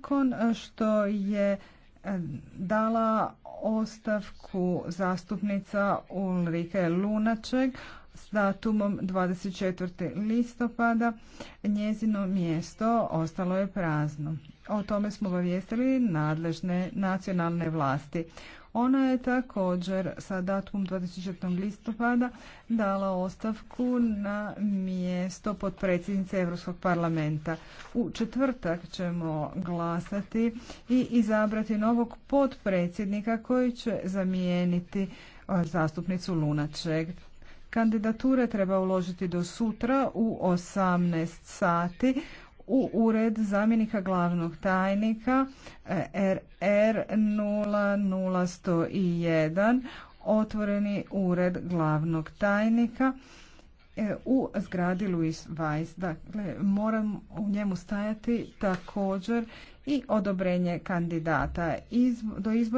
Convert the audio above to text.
Nakon e, što je e, dala ostavku zastupnica Ulrike Lunaček, s datumom 24. listopada njezino mjesto ostalo je prazno. O tome smo obavijestili nadležne nacionalne vlasti. Ona je također sa datumom 24. listopada dala ostavku na mjesto potpredsjednice Europskog parlamenta. U četvrtak ćemo glasati i izabrati novog potpredsjednika koji će zamijeniti zastupnicu Lunačeg. Kandidature treba uložiti do sutra u 18 sati u ured zamjenika glavnog tajnika RR eh, 00101 otvoreni ured glavnog tajnika eh, u zgradi Luis Weiss. Dakle, moram u njemu stajati također i odobrenje kandidata. do izbora